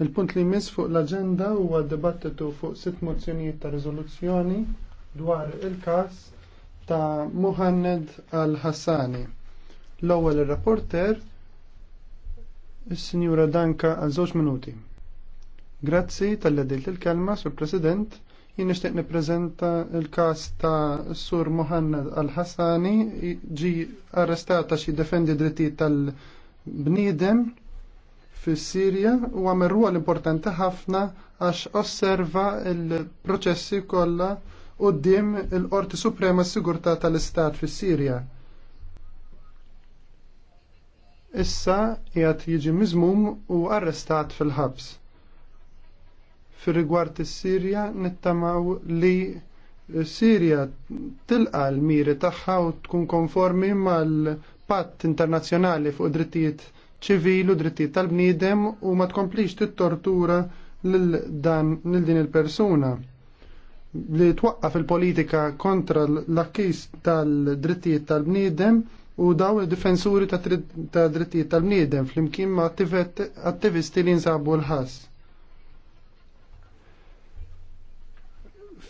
Il-punt li jmiss fuq l-agenda huwa dibattitu fuq sitt mozzjonijiet ta' riżoluzzjoni dwar il-każ ta' Muhammad Al-Hassani. L-ewwel ir-rapporter is-Sinjura Danka għal żewġ minuti. Grazzi tal-għedilt il-kelma, Sur President, jien nixtieq nippreżenta l-każ ta' Sur Muhammad Al-Hassani ġi arrestata xi defendi drittijiet tal-bniedem fis-Sirja u għamel rwol importanti ħafna għax osserva il-proċessi kollha quddiem il-Qorti Suprema s-Sigurtà tal-Istat fis-Sirja. Issa qiegħed jiġi miżmum u arrestat fil-ħabs. Fir-rigward is-Sirja nittamaw li Sirja tilqa l-miri tagħha u tkun konformi mal-patt internazzjonali fuq drittijiet ċivil u drittijiet tal-bniedem u ma tkomplix tittortura lil dan lil din il-persuna li twaqqaf il-politika kontra l-akkis tal-drittijiet tal-bniedem u daw il-difensuri tal drittijiet tal-bniedem fl-imkien ma' attivisti li nsabu l ħas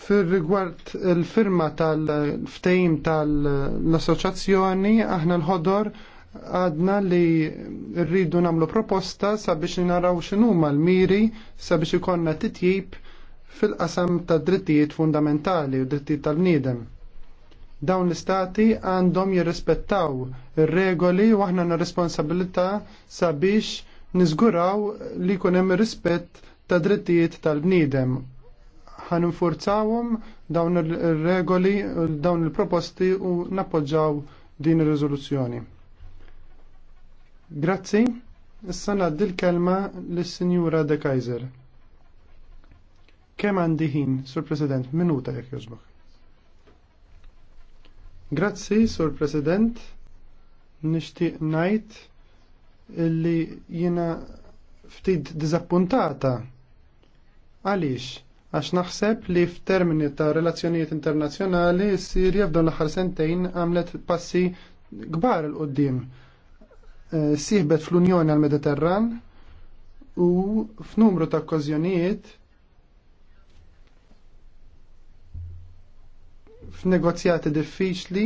Fil-rigward il-firma tal-ftejm tal-assoċazzjoni, aħna l-ħodor għadna li rridu namlu proposta sabiex naraw x'inhuma l-miri sabiex ikonna titjib fil-qasam ta' drittijiet fundamentali u drittijiet tal-bniedem. Dawn l-istati għandhom jirrispettaw ir-regoli u aħna na responsabilità sabiex niżguraw li jkun hemm rispett ta' drittijiet tal-bniedem. Għan infurzawhom dawn ir-regoli, dawn il-proposti u nappoġġaw din ir-riżoluzzjoni. Grazzi, issa naddi l-kelma lis-Sinjura De Kaiser. Kemm għandi ħin, Sur President, minuta jekk jogħġbok. Grazzi, Sur President. Nishtiq najt illi jina ftit dizappuntata. Għalix, għax naħseb li f'termini ta' relazzjonijiet internazzjonali s Sirja f'dan l-aħħar sentejn għamlet passi kbar l qoddim Eh, siħbet fl-Unjoni għall mediterran u f'numru ta' okkożjonijiet f'negozjati diffiċli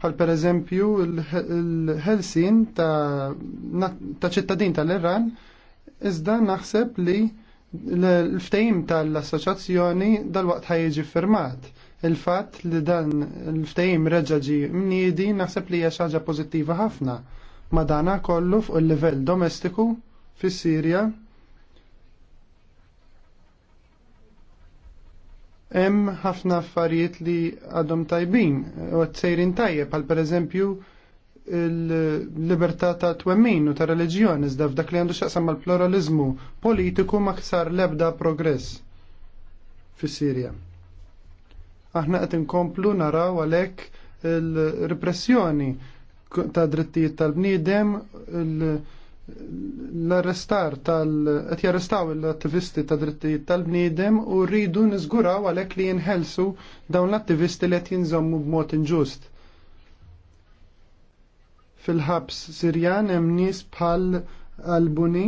bħal pereżempju l helsin ta' ċittadin tal-Iran iżda naħseb li l-ftejim tal-assoċazzjoni dal-waqt ħajġi firmat. Il-fat li dan l-ftejim reġaġi mniedi naħseb li hija xaġa pożittiva ħafna Madana kollu fuq il-livell domestiku fis-Sirja hemm ħafna affarijiet li għadhom tajbin u sejrin tajjeb għal pereżempju il-libertà ta' twemmin u ta' reliġjon iżda f'dak li għandu x'aqsam mal-pluralizmu politiku ma ksar l-ebda progress fis-Sirja. Aħna qed inkomplu naraw għalhekk il-repressjoni ta' drittijiet tal-bniedem, l-arrestar tal qed jarrestaw l-attivisti ta' drittijiet tal-bniedem u rridu niżguraw għalhekk li jinħelsu dawn l-attivisti li qed jinżommu b'mod inġust. Fil-ħabs Sirjan hemm nies bħal Albuni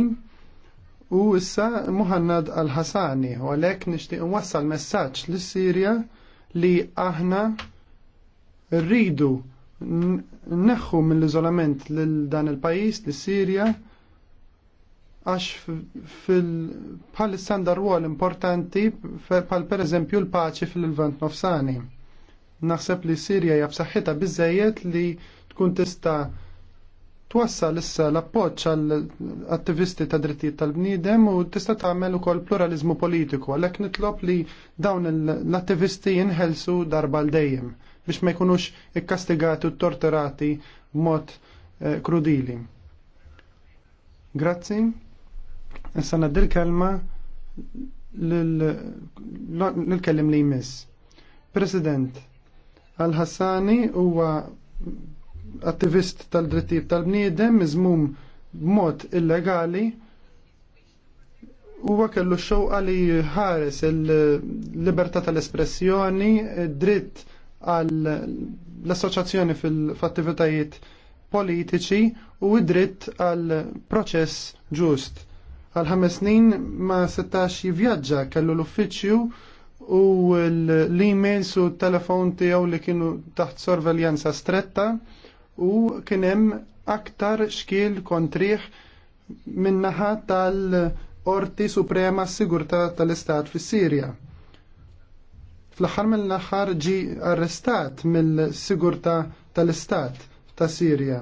u issa Muhannad Al-Ħasani u għalhekk nixtieq wassal messaġġ lis-Sirja li aħna rridu neħu mill-izolament lil dan il-pajis, li sirja għax fil-pal istanda ruol importanti bħal per eżempju l-paċi fil-Levant nofsani. Naħseb li Sirja hija b'saħħitha li tkun tista' twassal issa l-appoġġ għall attivisti ta' drittijiet tal-bniedem u tista' tagħmel ukoll pluralizmu politiku għalhekk nitlob li dawn l-attivisti jinħelsu darba l dejjem biex ma jkunux ikkastigati u torturati b'mod eh, krudili. Grazzi. Issa naddil kelma l-kellim li jmiss. President, Al-Hassani huwa attivist tal-drittijiet tal-bniedem miżmum b'mod illegali huwa kellu xewqa li ħares il-libertà tal-espressjoni, dritt għal l-assoċjazzjoni fil fattivitajiet politiċi u id-dritt għal proċess ġust. Għal ħames snin ma setax jivvjaġġa kellu l-uffiċju u l-emails u telefon tiegħu li kienu taħt sorveljanza stretta u kien hemm aktar xkiel kontriħ minnaħa tal-Orti Suprema s Sigurtà tal-Istat fis-Sirja. Fl-aħħar mill-aħħar ġi arrestat mill-sigurta tal-Istat ta' Sirja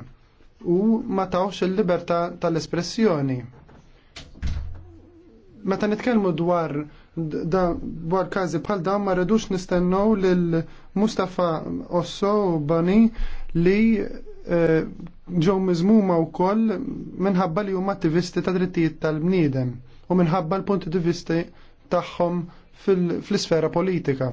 u ma tawx il-libertà tal-espressjoni. Meta nitkellmu dwar dwar każi bħal dan ma rridux nistennew lil Mustafa Osso u Bani li eh, ġew miżmuma wkoll minħabba li huma attivisti ta' drittijiet tal-bniedem u minħabba l-punti di vista tagħhom fl-isfera politika.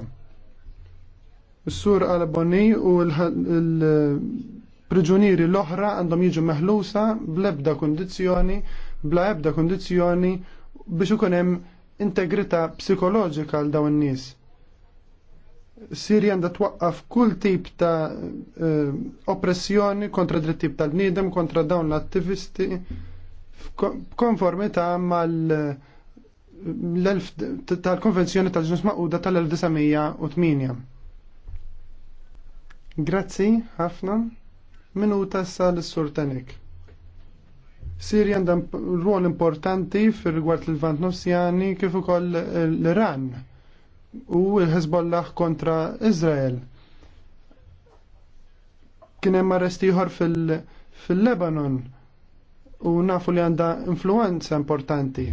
Is-sur Alboni u l-priġunieri l-oħra għandhom jiġu meħlusa bl-ebda kondizzjoni, bla ebda kondizzjoni biex ikun hemm integrità psikoloġika għal dawn in-nies. Sirja għandha twaqqaf kull tip ta' uh, oppressjoni kontra drittib tal-bniedem, kontra dawn l-attivisti, konformita mal l-konvenzjoni tal-ġnus maquda tal-1908. Grazzi, ħafna. Minuta tassa l-Sur Tanik. Sirja għandha ruol importanti fir-rigward l-Vant Nofsjani kif ukoll l-Iran u l-Hezbollah kontra Izrael. Kien hemm arrest ieħor fil-Lebanon u nafu li għandha influenza importanti.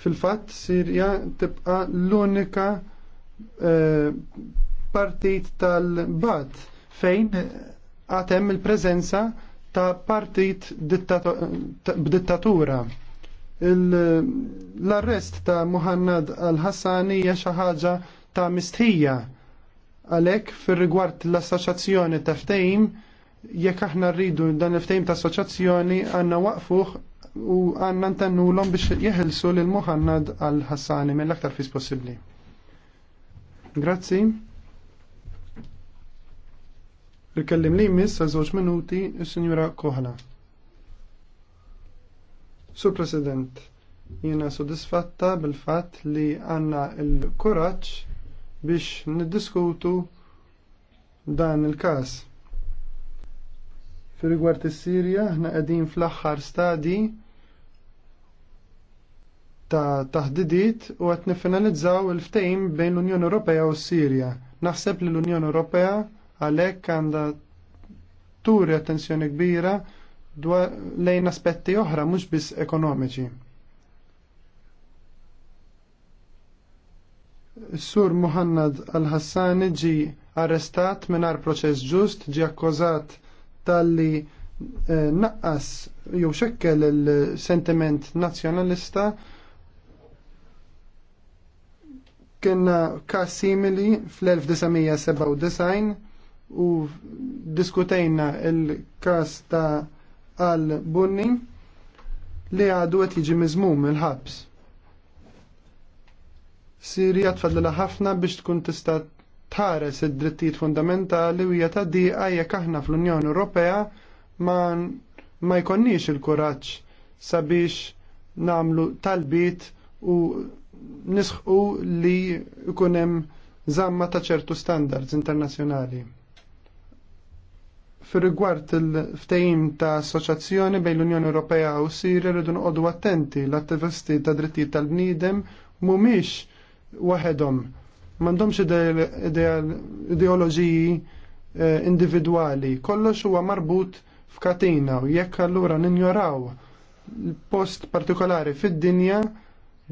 Fil-fatt Sirja tibqa' l-unika eh, partit tal-Bad fejn għatem il-prezenza ta' partit b'dittatura. L-arrest ta' Muhannad al-Hassani hija xi ħaġa ta' mistħija għalhekk fir-rigward l-assoċjazzjoni ta' ftejm, jekk aħna rridu dan il ftejm ta' assoċazzjoni għandna waqfuħ u għandna ntennulhom biex jeħilsu l Muhannad al-Hassani mill-aktar fis possibbli. Grazie. Rikellim li jmiss għal żewġ minuti il sinjura Koħla. Sur President, jiena sodisfatta bil-fatt li għanna il-kuraġġ biex niddiskutu dan il-każ. Fi rigward is-Sirja, aħna qegħdin fl-aħħar stadji ta' taħdidiet u qed nifinalizzaw il-ftehim bejn l-Unjoni Ewropea u s-Sirja. Naħseb li l-Unjoni Ewropea għalhekk għandha turi attenzjoni kbira lejn aspetti oħra mhux biss ekonomiċi. Sur Muhannad al-Hassani ġi arrestat minar proċess ġust, ġi akkużat tal-li eh, naqqas jew xekkel il-sentiment nazjonalista kienna kas simili fl-1997 u diskutejna il-kas ta' għal Bunni li għadu għet jiġi mizmum il-ħabs. Sirija tfadlila ħafna biex tkun tista' tħares id-drittijiet fundamentali u hija taddiqa jekk aħna fl-Unjoni Ewropea ma, ma jkonniex il-kuraġġ sabiex namlu talbit u nisħu li jkunem hemm żamma ta' ċertu standards internazzjonali. Fir-rigward il-ftehim ta' assoċjazzjoni bejn l-Unjoni Ewropea u Sirja rridu noqogħdu attenti l-attivisti ta' drittijiet tal-bniedem mhumiex waħedhom. M'għandhomx ideoloġiji eh, individwali, kollox huwa marbut f'katina u jekk allura ninjoraw post partikolari fid-dinja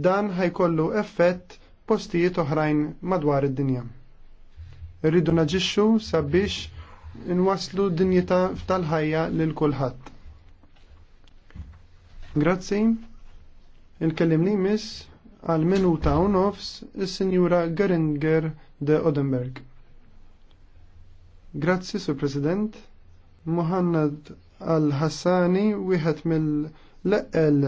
dan ħajkollu effett postijiet oħrajn madwar id-dinja. Rridu naġixxu sabiex inwaslu dinjità tal-ħajja lil kulħadd. Grazzi. il kellimni miss għal minuta u nofs is-Sinjura Geringer de Odenberg. Grazzi, Sur President. Muhannad Al-Hassani, wieħed mill-leqqel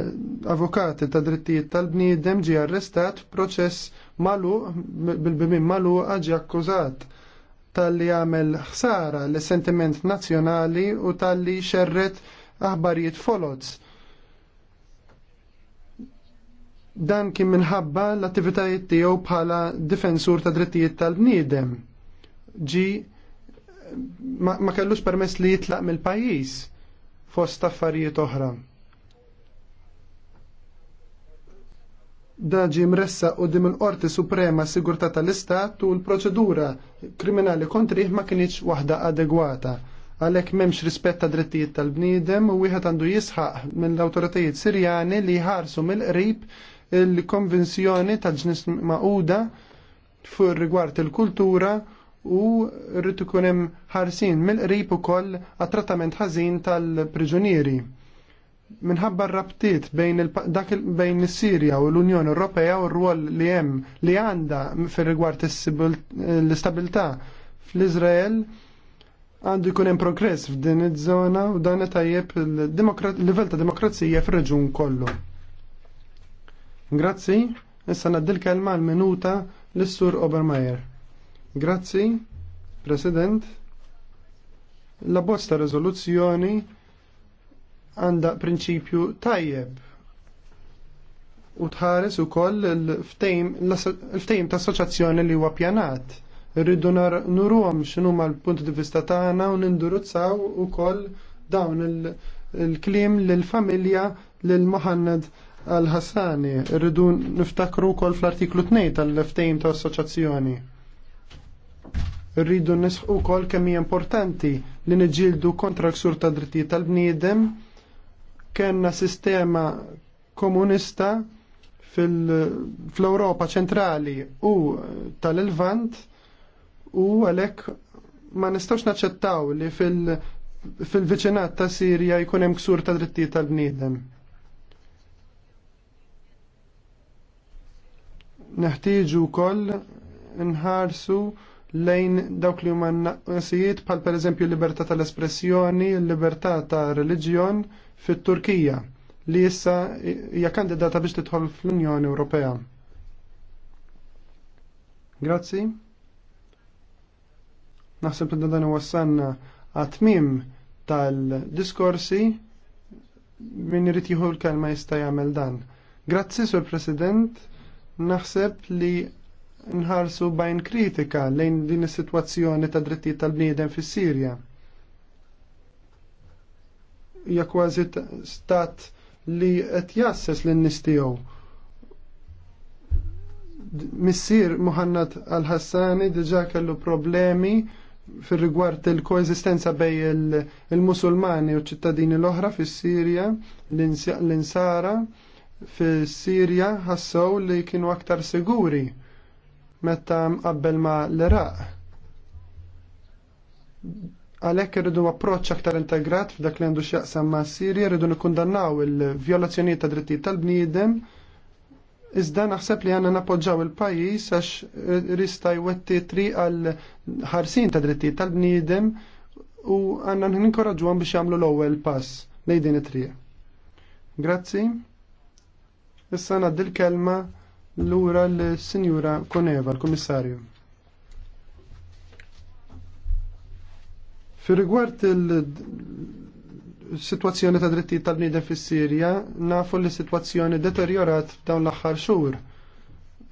avukati ta' drittijiet tal-bniedem ġie arrestat proċess malu bil-bimin malu ġie akkużat tal-li għamel ħsara l sentiment nazzjonali u tal-li xerret aħbarijiet folots. Dan kien minħabba l-attivitajiet tiegħu bħala difensur ta' drittijiet tal-bniedem. Ġi ma, ma kellux permess li jitlaq mill-pajjiż fost affarijiet oħra. daġi mressa u dim il-Qorti Suprema Sigurtà tal-Istat u l-proċedura kriminali kontrih ma kienieċ waħda adegwata. Għalhekk m'hemmx rispett ta' drittijiet tal-bniedem u wieħed għandu jisħaq mill-awtoritajiet Sirjani li jħarsu mill-qrib il-konvenzjoni ta' ġnis maquda fur rigward il-kultura u rrid ikun hemm ħarsin mill-qrib ukoll għat-trattament ħażin tal-priġunieri minħabba rabtiet bejn bejn is-Sirja u l-Unjoni Ewropea u r-rwol li hemm li għandha fir-rigward l-istabilità fl-Iżrael għandu jkun hemm progress f'din iż-żona u dan qed tajjeb il-livell ta' demokrazija fir-reġun kollu. Grazzi, issa naddi kelma l minuta lis-Sur Obermeyer. Grazzi, President. La bozz ta' riżoluzzjoni għandha prinċipju tajjeb u tħares u koll il ftejm ta' soċazzjoni li huwa pjanat. Rridu nuruhom ma' l-punt di vista tagħna u u ukoll dawn il-kliem lill-familja lil Mohammed Al-Hassani. Rridu niftakru wkoll fl-artiklu 2 tal-ftejm ta' assoċazzjoni. Rridu nisħu wkoll kemm hija importanti li nġildu kontra l-ksur ta' drittijiet tal-bniedem kena sistema komunista fil-Europa ċentrali u tal levant u għalek ma nistax naċċettaw li fil-viċinat ta' Sirja jkun hemm ksur ta' drittijiet tal-bniedem. Neħtieġu wkoll nħarsu lejn dawk li huma naqsijiet bħal pereżempju l libertà tal-espressjoni, l libertà ta' reliġjon fit-Turkija li issa hija kandidata biex tidħol fl-Unjoni Ewropea. Grazzi. Naħseb li dan wassanna għatmim tal-diskorsi min irid jieħu l-kelma jista' jagħmel dan. Grazzi, Sur President, naħseb li nħarsu bajn kritika lejn din is-sitwazzjoni ta' drittijiet tal-bniedem fis-Sirja. Hija kważi stat li qed jasses lin nies tiegħu. Missier Muhannad Al-Hassani diġà kellu problemi fir rigward il-koeżistenza bej il-Musulmani u ċittadini l-oħra fis-Sirja, l-insara fis-Sirja ħassew li kienu aktar siguri meta mqabbel ma l-Iraq. Għalhekk irridu approċċ aktar integrat f'dak li għandu x'jaqsam ma' Sirja, irridu nikkundannaw il-vjolazzjonijiet ta' drittijiet tal-bniedem. Iżda naħseb li għanna napoġġaw il-pajis għax rista jwetti triq għal ħarsin ta' drittijiet tal-bniedem u għanna ninkoraġu għan biex jagħmlu l-ewwel pass lejn din it-triq. Grazzi. Issa ngħaddi l-kelma lura l-Sinjura Koneva, l-Komissarju. Fi rigward il-situazzjoni ta' drittijiet tal-bniedem fis-Sirja, nafu li situazzjoni deteriorat dawn l-aħħar xhur.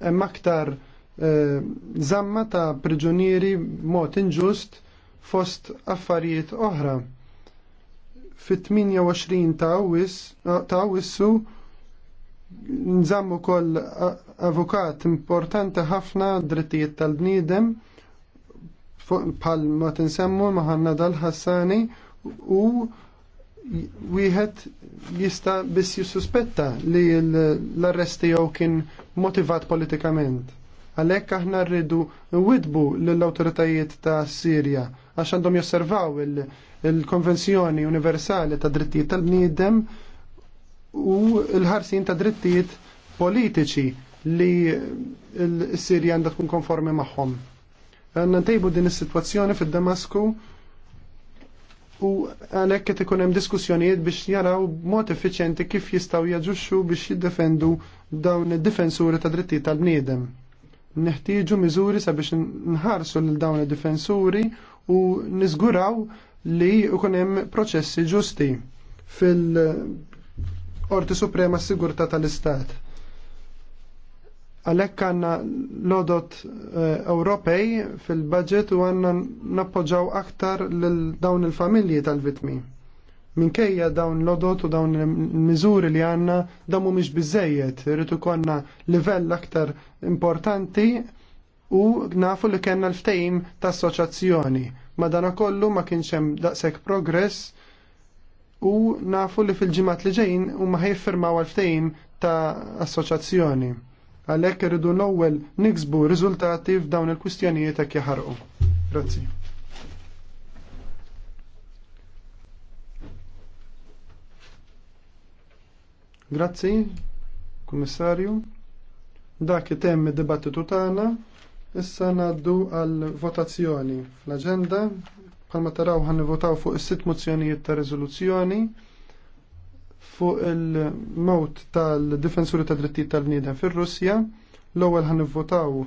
Hemm aktar eh, zamma ta' priġunieri mod inġust fost affarijiet oħra. Fit-28 ta' awis ta' awissu nżammu kol avukat importanti ħafna drittijiet tal-bniedem bħal ma tinsemmu maħanna dal-ħassani u wieħed jista' biss jissuspetta li l-arresti jew kien motivat politikament. Għalhekk aħna rridu widbu lill-awtoritajiet ta' Sirja għax għandhom josservaw il-Konvenzjoni Universali ta' Drittijiet tal-Bniedem u l-ħarsin ta' drittijiet politiċi li l-Sirja għandha tkun konformi magħhom. Għanna ntejbu din is-sitwazzjoni fid-Damasku u għalhekk qed ikun hemm diskussjonijiet biex jaraw mod effiċjenti kif jistgħu jaġuxxu biex jiddefendu dawn id-difensuri ta' drittijiet tal-bniedem. Neħtieġu miżuri sabiex nħarsu lil dawn id-difensuri u niżguraw li ikun hemm proċessi ġusti fil Qorti Suprema s-Sigurtà tal-Istat. Għalhekk għandna lodot eh, Ewropej fil-budget u għandna nappoġġaw aktar lil dawn il-familji tal-vitmi. Minkejja dawn lodot u dawn il-miżuri li għandna dawn mhumiex biżejjed, irid ikollna livell aktar importanti u nafu li kellna l-ftejim ta' assoċjazzjoni. Madana kollu ma kienx hemm daqshekk progress u nafu li fil-ġimat li ġejjin huma ħajffirmaw għal-ftehim ta' assoċjazzjoni. Għalhekk rridu l-ewwel niksbu riżultati f'dawn il-kwistjonijiet hekk jaħarqu. Grazzi. Grazzi, komissarju. Dak itemm id-dibattitu tagħna. Issa naddu għal votazzjoni fl-agenda Bħalma taraw ħan votaw fuq is-sitt mozzjonijiet ta' rezoluzzjoni fuq il-mot tal-difensuri ta' drittijiet tal-bniedem fir-Russja. L-ewwel ħan votaw